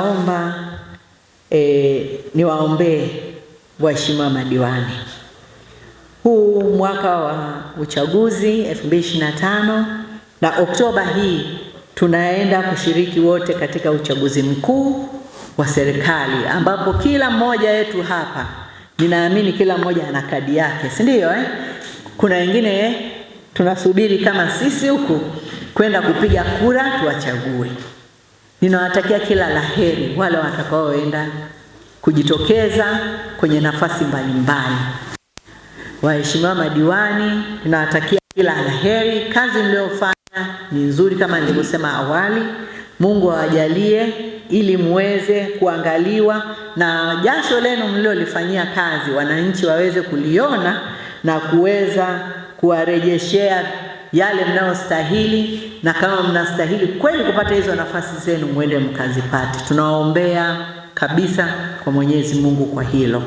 Naomba e, niwaombee waheshimiwa madiwani. Huu mwaka wa uchaguzi 2025 na Oktoba hii tunaenda kushiriki wote katika uchaguzi mkuu wa serikali ambapo kila mmoja wetu hapa, ninaamini kila mmoja ana kadi yake, si ndio eh? Kuna wengine eh, tunasubiri kama sisi huku kwenda kupiga kura tuwachague. Ninawatakia kila laheri wale watakaoenda kujitokeza kwenye nafasi mbalimbali. Waheshimiwa madiwani, ninawatakia kila laheri. Kazi mliofanya ni nzuri kama nilivyosema awali. Mungu awajalie ili muweze kuangaliwa na jasho lenu mlilolifanyia kazi wananchi waweze kuliona na kuweza kuwarejeshea yale mnayostahili, na kama mnastahili kweli kupata hizo nafasi zenu, mwende mkazipate. Tunawaombea kabisa kwa Mwenyezi Mungu kwa hilo.